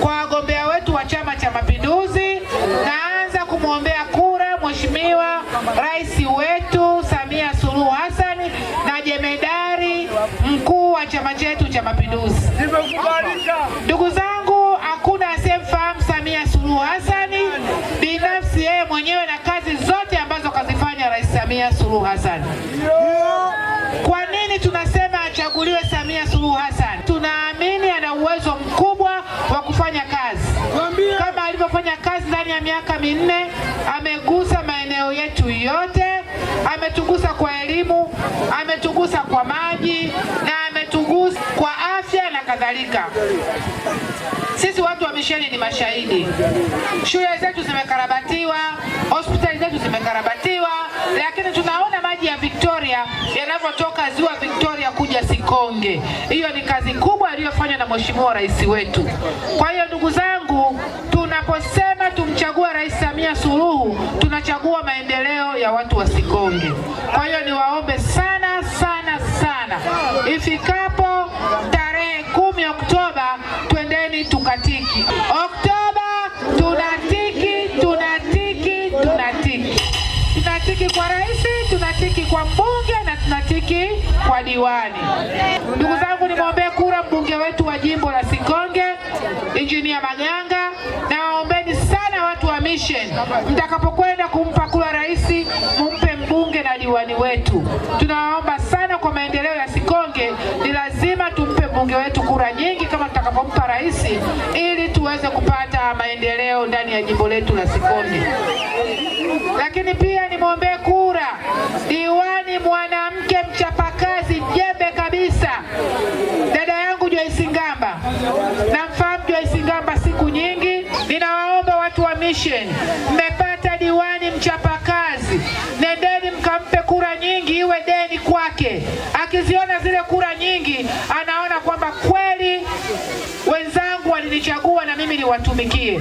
kwa wagombea wetu wa Chama cha Mapinduzi. Naanza kumwombea kura Mheshimiwa Rais wetu Samia Suluhu Hassan na jemedari mkuu wa chama chetu cha Mapinduzi. Ndugu zangu, hakuna asiyemfahamu Samia Suluhu Hassan binafsi, yeye mwenyewe na kazi zote ambazo kazifanya Rais Samia Suluhu Hassan. Kwa nini tunasema achaguliwe Samia Suluhu Hassan? kazi ndani ya miaka minne, amegusa maeneo yetu yote, ametugusa kwa elimu, ametugusa kwa maji na ametugusa kwa afya na kadhalika. Sisi watu wa misheni ni mashahidi. Shule zetu zimekarabatiwa, hospitali zetu zimekarabatiwa, lakini tunaona maji ya Victoria yanavyotoka ziwa Victoria kuja Sikonge. Hiyo ni kazi kubwa iliyofanywa na Mheshimiwa Rais wetu. Kwa hiyo ndugu zangu, tunaposema tumchagua Rais Samia Suluhu, tunachagua maendeleo ya watu wa Sikonge. Kwa hiyo niwaombe sana sana sana, ifikapo tarehe kumi Oktoba, twendeni tukatiki. Oktoba tunatiki, tunatiki, tunatiki, tunatiki kwa rais, tunatiki kwa mbunge na tunatiki kwa diwani. Ndugu zangu, nimwombee kura mbunge wetu wa jimbo la Sikonge, Injinia Maganga. Mtakapokwenda kumpa kura rais, mumpe mbunge na diwani wetu. Tunawaomba sana kwa maendeleo ya Sikonge, ni lazima tumpe mbunge wetu kura nyingi kama tutakapompa rais, ili tuweze kupata maendeleo ndani ya jimbo letu la Sikonge. Lakini pia nimwombe Foundation, mmepata diwani mchapakazi, nendeni mkampe kura nyingi, iwe deni kwake. Akiziona zile kura nyingi, anaona kwamba kweli wenzangu walinichagua na mimi niwatumikie.